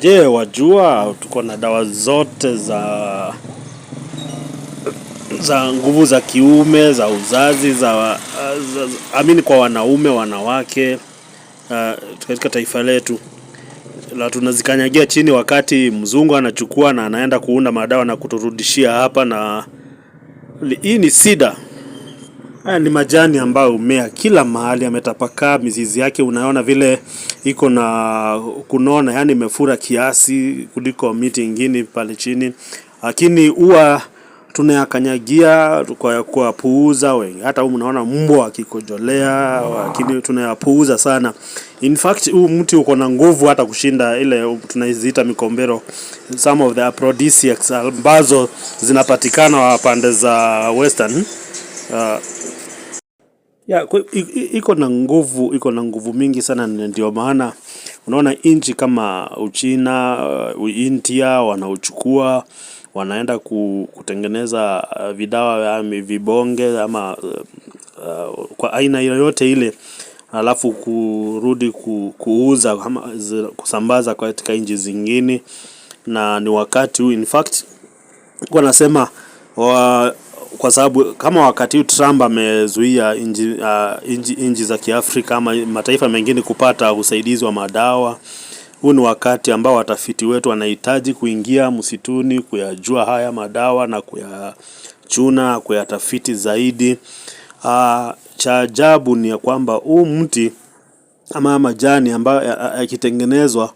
Je, wajua tuko na dawa zote za za nguvu za kiume za uzazi za, za, za amini kwa wanaume wanawake uh, katika taifa letu la tunazikanyagia chini wakati mzungu anachukua na anaenda kuunda madawa na kuturudishia hapa, na hii ni sida. Haya ni majani ambayo umea kila mahali, ametapakaa mizizi yake, unaona vile iko na kunona, yani imefura kiasi kuliko miti ingine pale chini, lakini huwa tunayakanyagia kwa kuwapuuza wengi. Hata huu unaona mbwa akikojolea, lakini tunayapuuza sana. In fact huu mti uko na nguvu hata kushinda ile tunaiziita mikombero, some of the aphrodisiacs ambazo zinapatikana pande za western uh, ya, iko na nguvu iko na nguvu mingi sana. Ndio maana unaona nchi kama Uchina, uh, India wanauchukua wanaenda kutengeneza uh, vidawa um, vibonge ama uh, uh, kwa aina yoyote ile, alafu kurudi ku, kuuza kusambaza katika nchi zingine, na ni wakati huu in fact wanasema wa kwa sababu kama wakati huu Trump amezuia nchi uh, inji, inji za Kiafrika ama mataifa mengine kupata usaidizi wa madawa, huu ni wakati ambao watafiti wetu wanahitaji kuingia msituni kuyajua haya madawa na kuyachuna, kuyatafiti zaidi. Uh, cha ajabu ni ya kwamba huu mti ama majani ambayo yakitengenezwa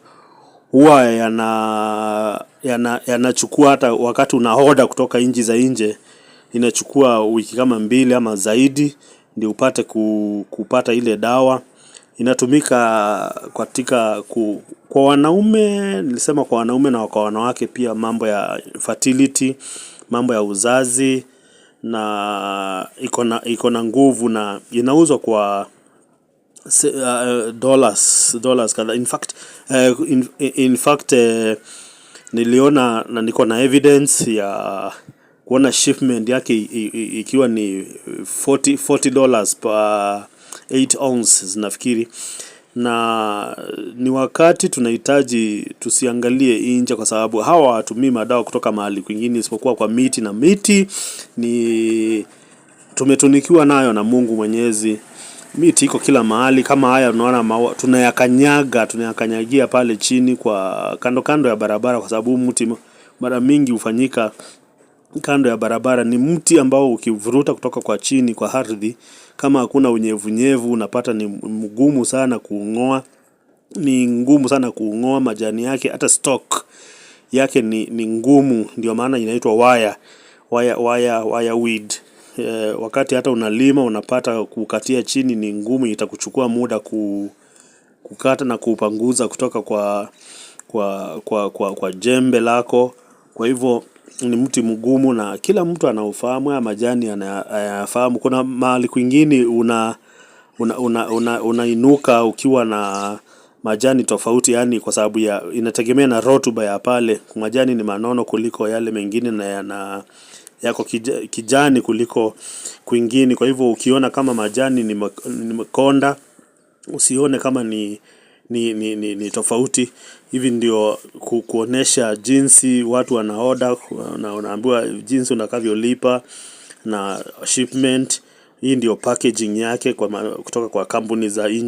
huwa yanachukua yana, yana hata wakati unahoda kutoka nchi za nje inachukua wiki kama mbili ama zaidi ndio upate kupata ile dawa inatumika katika kwa wanaume nilisema kwa wanaume na kwa wanawake pia mambo ya fertility mambo ya uzazi na iko na nguvu na inauzwa kwa uh, dollars dollars kadha in fact uh, in, in fact uh, niliona na niko na evidence ya kuona shipment yake ikiwa ni 40 eh, 40 dollars per 8 eh, ounces nafikiri, na eh, ni wakati tunahitaji tusiangalie nje, kwa sababu hawa hawatumii madawa kutoka mahali kwingine isipokuwa kwa miti, na miti ni tumetunikiwa nayo na Mungu Mwenyezi. Miti iko kila mahali, kama haya unaona maua, tunayakanyaga tunayakanyagia pale chini kwa kando kando ya barabara, kwa sababu mti mara mingi hufanyika kando ya barabara ni mti ambao ukivuruta kutoka kwa chini kwa ardhi, kama hakuna unyevunyevu, unapata ni mgumu sana kuung'oa, ni ngumu sana kuung'oa majani yake, hata stock yake ni, ni ngumu. Ndio maana inaitwa waya waya waya waya weed. E, wakati hata unalima unapata kukatia chini ni ngumu, itakuchukua muda ku, kukata na kuupanguza kutoka kwa kwa, kwa, kwa, kwa jembe lako, kwa hivyo ni mti mgumu na kila mtu anaufahamu, haya majani anayafahamu. Kuna mahali kwingine una unainuka una, una ukiwa na majani tofauti, yani kwa sababu ya inategemea na rotuba ya pale. Majani ni manono kuliko yale mengine na yana yako kijani kuliko kwingine. Kwa hivyo ukiona kama majani ni mekonda usione kama ni ni, ni, ni, ni tofauti hivi ndio kuonesha jinsi watu wanaoda na unaambiwa jinsi unakavyolipa na shipment hii ndio packaging yake kwa, kutoka kwa kampuni za nje.